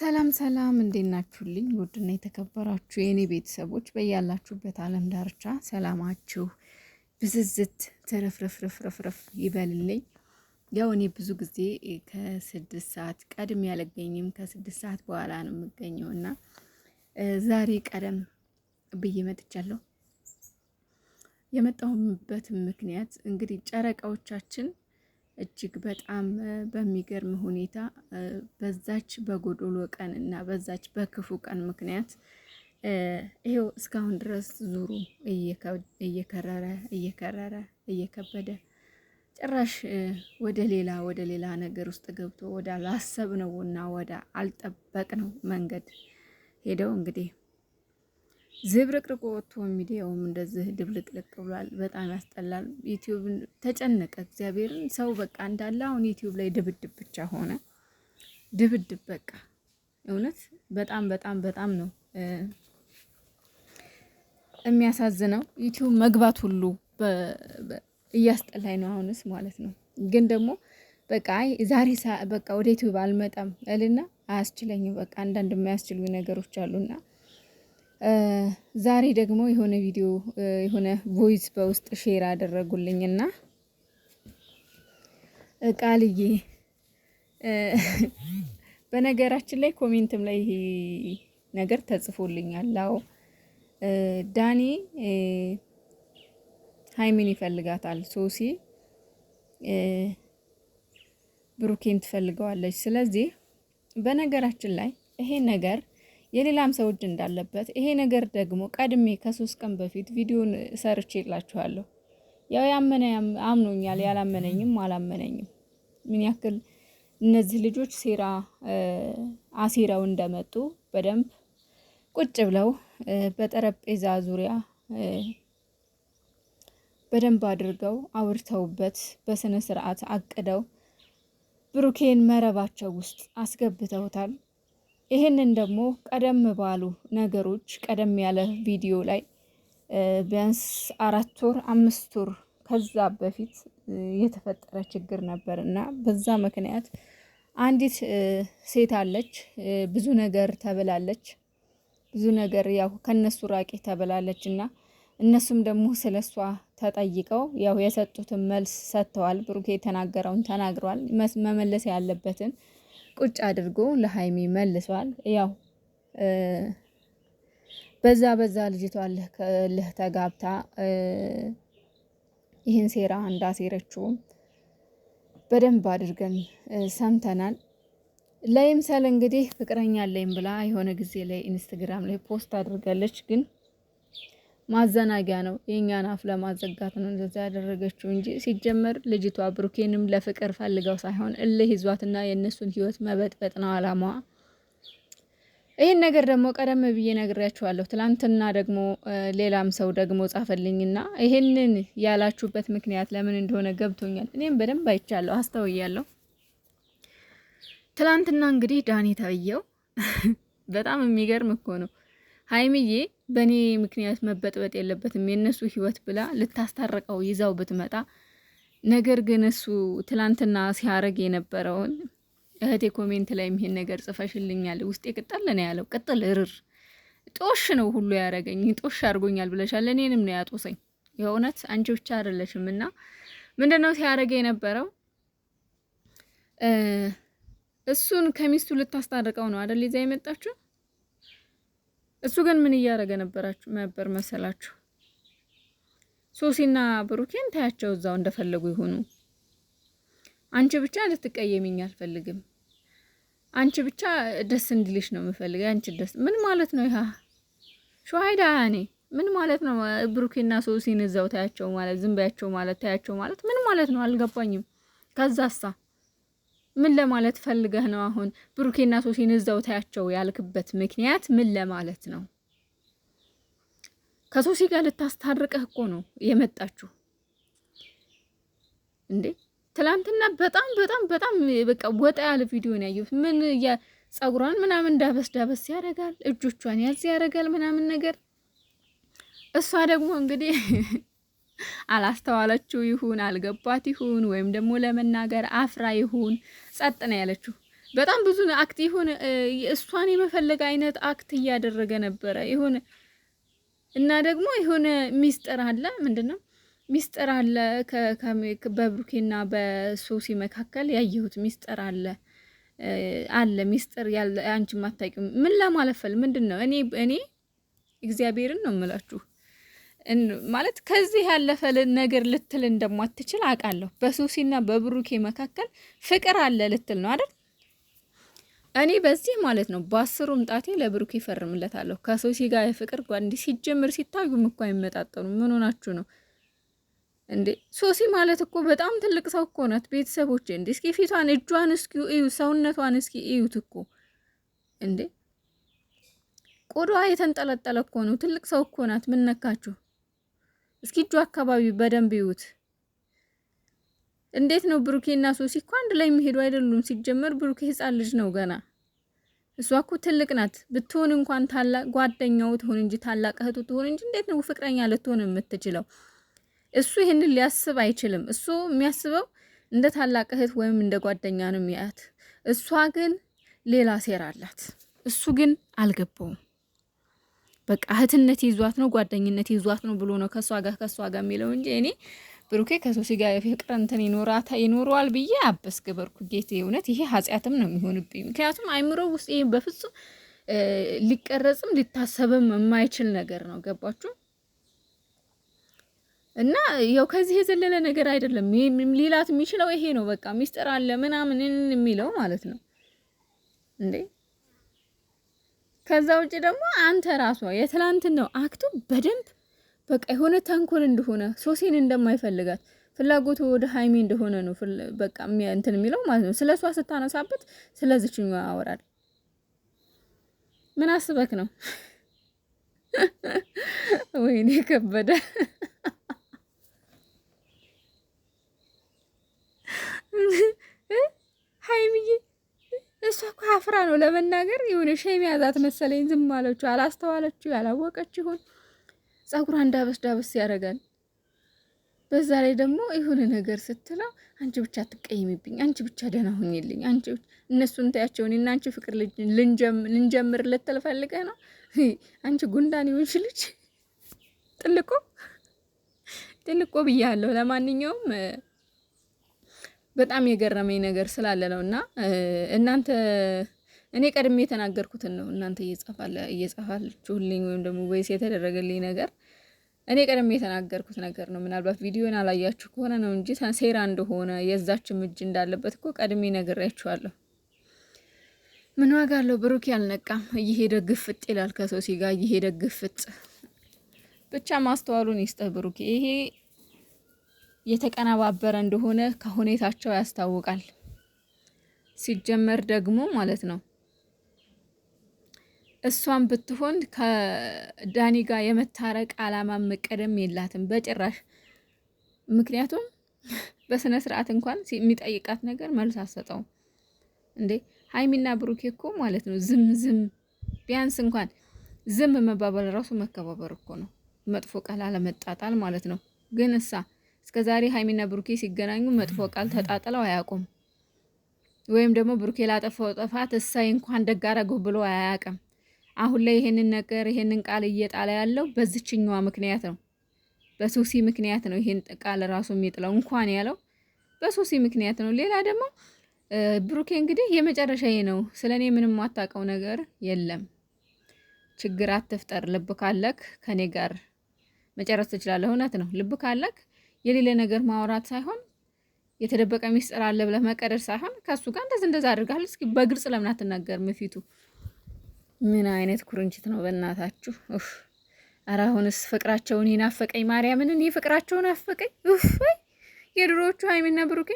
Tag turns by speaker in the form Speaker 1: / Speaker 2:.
Speaker 1: ሰላም ሰላም፣ እንዴት ናችሁልኝ? ውድና የተከበራችሁ የእኔ ቤተሰቦች በያላችሁበት ዓለም ዳርቻ ሰላማችሁ ብዝዝት ትርፍርፍርፍርፍ ይበልልኝ። ያው እኔ ብዙ ጊዜ ከስድስት ሰዓት ቀድም ያለገኝም ከስድስት ሰዓት በኋላ ነው የምገኘው እና ዛሬ ቀደም ብዬ መጥቻለሁ። የመጣሁበት ምክንያት እንግዲህ ጨረቃዎቻችን እጅግ በጣም በሚገርም ሁኔታ በዛች በጎዶሎ ቀን እና በዛች በክፉ ቀን ምክንያት ይሄው እስካሁን ድረስ ዙሩ እየከረረ እየከረረ እየከበደ ጭራሽ ወደ ሌላ ወደ ሌላ ነገር ውስጥ ገብቶ ወደ እና ወደ አልጠበቅነው መንገድ ሄደው እንግዲህ ዝብርቅርቅ ወጥቶ ሚዲያውም እንደዚህ ድብልቅልቅ ብሏል። በጣም ያስጠላል። ዩቲዩብን ተጨነቀ እግዚአብሔርን ሰው በቃ እንዳለ አሁን ዩቲዩብ ላይ ድብድብ ብቻ ሆነ። ድብድብ በቃ እውነት በጣም በጣም በጣም ነው የሚያሳዝነው። ዩቲዩብ መግባት ሁሉ እያስጠላኝ ነው አሁንስ ማለት ነው። ግን ደግሞ በቃ ዛሬ በቃ ወደ ዩቲዩብ አልመጣም እልና አያስችለኝም። በቃ አንዳንድ የማያስችሉ ነገሮች አሉና ዛሬ ደግሞ የሆነ ቪዲዮ የሆነ ቮይስ በውስጥ ሼር አደረጉልኝና ቃልዬ በነገራችን ላይ ኮሜንትም ላይ ይሄ ነገር ተጽፎልኛል። አዎ ዳኒ ሀይሚን ይፈልጋታል፣ ሶሲ ብሩኬን ትፈልገዋለች። ስለዚህ በነገራችን ላይ ይሄ ነገር የሌላም ሰው እጅ እንዳለበት ይሄ ነገር ደግሞ ቀድሜ ከሶስት ቀን በፊት ቪዲዮን ሰርቼ የላችኋለሁ። ያው ያመነ አምኖኛል፣ ያላመነኝም አላመነኝም። ምን ያክል እነዚህ ልጆች ሴራ አሴራው እንደመጡ በደንብ ቁጭ ብለው በጠረጴዛ ዙሪያ በደንብ አድርገው አውርተውበት በስነ ስርዓት አቅደው ብሩኬን መረባቸው ውስጥ አስገብተውታል። ይህንን ደግሞ ቀደም ባሉ ነገሮች ቀደም ያለ ቪዲዮ ላይ ቢያንስ አራት ወር አምስት ወር ከዛ በፊት የተፈጠረ ችግር ነበር እና በዛ ምክንያት አንዲት ሴት አለች፣ ብዙ ነገር ተብላለች፣ ብዙ ነገር ያው ከነሱ ራቂ ተብላለች እና እነሱም ደግሞ ስለ እሷ ተጠይቀው ያው የሰጡትን መልስ ሰጥተዋል። ብሩኬ የተናገረውን ተናግረዋል። መመለስ ያለበትን ቁጭ አድርጎ ለሀይሚ መልሷል። ያው በዛ በዛ ልጅቷ ልህ ተጋብታ ይህን ሴራ እንዳሴረችውም በደንብ አድርገን ሰምተናል። ለይምሰል እንግዲህ ፍቅረኛ አለኝ ብላ የሆነ ጊዜ ላይ ኢንስትግራም ላይ ፖስት አድርጋለች ግን ማዘናጊያ ነው። የእኛን አፍ ለማዘጋት ነው እንደዛ ያደረገችው እንጂ ሲጀመር ልጅቷ ብሩኬንም ለፍቅር ፈልገው ሳይሆን እልህ ይዟትና የእነሱን ህይወት መበጥበጥ ነው አላማዋ። ይህን ነገር ደግሞ ቀደም ብዬ ነግሬያችኋለሁ። ትላንትና ደግሞ ሌላም ሰው ደግሞ ጻፈልኝና ይህንን ያላችሁበት ምክንያት ለምን እንደሆነ ገብቶኛል። እኔም በደንብ አይቻለሁ፣ አስተውያለሁ። ትላንትና እንግዲህ ዳኒ ተብዬው በጣም የሚገርም እኮ ነው ሀይሚዬ በእኔ ምክንያት መበጥበጥ የለበትም የእነሱ ህይወት ብላ ልታስታርቀው ይዛው ብትመጣ፣ ነገር ግን እሱ ትላንትና ሲያረግ የነበረውን እህቴ ኮሜንት ላይ ይሄን ነገር ጽፈሽልኛል፣ ውስጤ ቅጠል ነው ያለው። ቅጥል እርር ጦሽ ነው ሁሉ ያረገኝ ጦሽ አድርጎኛል ብለሻል። እኔንም ነው ያጦሰኝ። የእውነት አንቺ ብቻ አይደለሽም። እና ምንድነው ሲያረገ የነበረው እሱን ከሚስቱ ልታስታርቀው ነው አደል ይዛ የመጣችው። እሱ ግን ምን እያደረገ ነበራችሁ ነበር መሰላችሁ? ሶሲና ብሩኬን ታያቸው እዛው እንደፈለጉ ይሆኑ። አንቺ ብቻ ልትቀየሚኝ አልፈልግም። አንቺ ብቻ ደስ እንዲልሽ ነው የምፈልግ። አንቺ ደስ ምን ማለት ነው? ይሃ ሸዋሂዳ ያኔ ምን ማለት ነው? ብሩኬና ሶሲን እዛው ታያቸው ማለት ዝም በያቸው ማለት ታያቸው ማለት ምን ማለት ነው? አልገባኝም። ከዛሳ ምን ለማለት ፈልገህ ነው አሁን ብሩኬና ሶሲን እዛው ታያቸው ያልክበት ምክንያት ምን ለማለት ነው? ከሶሲ ጋር ልታስታርቀህ እኮ ነው የመጣችሁ እንዴ? ትላንትና በጣም በጣም በጣም በቃ ወጣ ያለ ቪዲዮ ነው ያየሁት። ምን ፀጉሯን ምናምን ዳበስ ዳበስ ያደርጋል፣ እጆቿን ያዝ ያደርጋል ምናምን ነገር እሷ ደግሞ እንግዲህ አላስተዋለችው ይሁን አልገባት ይሁን ወይም ደግሞ ለመናገር አፍራ ይሁን ጸጥ ነው ያለችው። በጣም ብዙ አክት ይሁን እሷን የመፈለግ አይነት አክት እያደረገ ነበረ ይሁን እና ደግሞ ይሁን ሚስጥር አለ ምንድነው ሚስጥር አለ በብሩኬና በሶሲ መካከል ያየሁት ሚስጥር አለ አለ ሚስጥር ያለ አንቺ ማታቂ ምን ለማለፈል ምንድን ነው እኔ እኔ እግዚአብሔርን ነው የምላችሁ ማለት ከዚህ ያለፈ ነገር ልትል እንደማትችል አውቃለሁ። በሱሲና በብሩኬ መካከል ፍቅር አለ ልትል ነው አይደል? እኔ በዚህ ማለት ነው በአስሩም ጣቴ ለብሩኬ ይፈርምለታለሁ። ከሱሲ ጋር የፍቅር ጓንዲ ሲጀምር ሲታዩም እኮ አይመጣጠኑ። ምን ሆናችሁ ነው እንዴ? ሶሲ ማለት እኮ በጣም ትልቅ ሰው እኮ ናት። ቤተሰቦቼ እንዴ እስኪ ፊቷን፣ እጇን እስኪ እዩ፣ ሰውነቷን እስኪ እዩት እኮ እንዴ ቆዳዋ የተንጠለጠለ እኮ ነው። ትልቅ ሰው እኮ ናት። ምን ነካችሁ? እስኪ እጁ አካባቢ በደንብ ይዩት። እንዴት ነው ብሩኬ እና ሶሲ እኮ አንድ ላይ የሚሄዱ አይደሉም። ሲጀመር ብሩኬ ህፃን ልጅ ነው ገና። እሷ እኮ ትልቅ ናት። ብትሆን እንኳን ታላቅ ጓደኛው ትሆን እንጂ ታላቅ እህቱ ትሆን እንጂ እንዴት ነው ፍቅረኛ ልትሆን የምትችለው? እሱ ይህንን ሊያስብ አይችልም። እሱ የሚያስበው እንደ ታላቅ እህት ወይም እንደ ጓደኛ ነው የሚያያት። እሷ ግን ሌላ ሴራ አላት። እሱ ግን አልገባውም። በቃ እህትነት ይዟት ነው ጓደኝነት ይዟት ነው ብሎ ነው ከእሷ ጋር ከእሷ ጋር የሚለው እንጂ እኔ ብሩኬ ከሶሲ ጋር የፍቅር እንትን ይኖራታ ይኖረዋል ብዬ አበስ ገበርኩ ጌቴ። እውነት ይሄ ኃጢአትም ነው የሚሆንብኝ። ምክንያቱም አይምሮ ውስጥ ይሄ በፍጹም ሊቀረጽም ሊታሰብም የማይችል ነገር ነው። ገባችሁ? እና ያው ከዚህ የዘለለ ነገር አይደለም ሌላት የሚችለው ይሄ ነው። በቃ ሚስጥር አለ ምናምን የሚለው ማለት ነው እንዴ ከዛ ውጭ ደግሞ አንተ ራሷ የትላንትን ነው አክቱ በደንብ በቃ የሆነ ተንኮል እንደሆነ ሶሴን እንደማይፈልጋት ፍላጎቱ ወደ ሀይሜ እንደሆነ ነው በቃ እንትን የሚለው ማለት ነው። ስለ እሷ ስታነሳበት ስለ ያወራል አወራል። ምን አስበክ ነው? ወይኔ ከበደ እኮ አፍራ ነው ለመናገር የሆነ ሸም ያዛት መሰለኝ። ዝም አለችው፣ አላስተዋለችው፣ ያላወቀች ይሆን ጸጉሯን ዳበስ ዳበስ ያደርጋል። በዛ ላይ ደግሞ የሆነ ነገር ስትለው አንቺ ብቻ ትቀይምብኝ፣ አንቺ ብቻ ደህና ሁኝልኝ፣ አንቺ እነሱን ታያቸውን እና አንቺ ፍቅር ልንጀምር ልትል ፈልገህ ነው። አንቺ ጉንዳን ይሆንሽ ልጅ ጥልቆ ጥልቆ ብያለሁ። ለማንኛውም በጣም የገረመኝ ነገር ስላለ ነው። እና እናንተ እኔ ቀድሜ የተናገርኩትን ነው እናንተ እየጻፋችሁልኝ ወይም ደግሞ ወይስ የተደረገልኝ ነገር እኔ ቀደም የተናገርኩት ነገር ነው። ምናልባት ቪዲዮን አላያችሁ ከሆነ ነው እንጂ ሴራ እንደሆነ የዛችም እጅ እንዳለበት እኮ ቀድሜ ነግሬያችኋለሁ። ምን ዋጋ አለው? ብሩኬ አልነቃም። እየሄደ ግፍጥ ይላል ከሶሲ ጋር እየሄደ ግፍጥ። ብቻ ማስተዋሉን ይስጠህ ብሩኬ። ይሄ የተቀነባበረ እንደሆነ ከሁኔታቸው ያስታውቃል። ሲጀመር ደግሞ ማለት ነው እሷም ብትሆን ከዳኒ ጋር የመታረቅ አላማ መቀደም የላትም በጭራሽ። ምክንያቱም በስነ ስርዓት እንኳን የሚጠይቃት ነገር መልስ አሰጠውም እንዴ። ሀይሚና ብሩኬ እኮ ማለት ነው ዝም ዝም ቢያንስ እንኳን ዝም መባበል ራሱ መከባበር እኮ ነው፣ መጥፎ ቃል አለመጣጣል ማለት ነው። ግን እሳ እስከዛሬ ሀይሚና ብሩኬ ሲገናኙ መጥፎ ቃል ተጣጥለው አያውቁም። ወይም ደግሞ ብሩኬ ላጠፋው ጥፋት እሳይ እንኳን ደግ አደረገው ብሎ አያውቅም። አሁን ላይ ይሄንን ነገር ይሄንን ቃል እየጣለ ያለው በዚችኛዋ ምክንያት ነው፣ በሶሲ ምክንያት ነው። ይሄን ቃል ራሱ የሚጥለው እንኳን ያለው በሶሲ ምክንያት ነው። ሌላ ደግሞ ብሩኬ እንግዲህ የመጨረሻዬ ነው፣ ስለኔ ምንም ማታውቀው ነገር የለም፣ ችግር አትፍጠር፣ ልብ ካለክ ከኔ ጋር መጨረስ ትችላለህ። እውነት ነው፣ ልብ ካለክ የሌለ ነገር ማውራት ሳይሆን የተደበቀ ሚስጥር አለ ብለህ መቀደድ ሳይሆን ከእሱ ጋር እንደዚህ እንደዛ አድርጋል፣ እስኪ በግልጽ ለምን አትናገርም? ፊቱ ምን አይነት ኩርንችት ነው በእናታችሁ! ኧረ አሁንስ ፍቅራቸውን ይናፈቀኝ፣ ማርያምን፣ እኔ ፍቅራቸውን ናፈቀኝ። የድሮዎቹ ሀይሚና ብሩኬ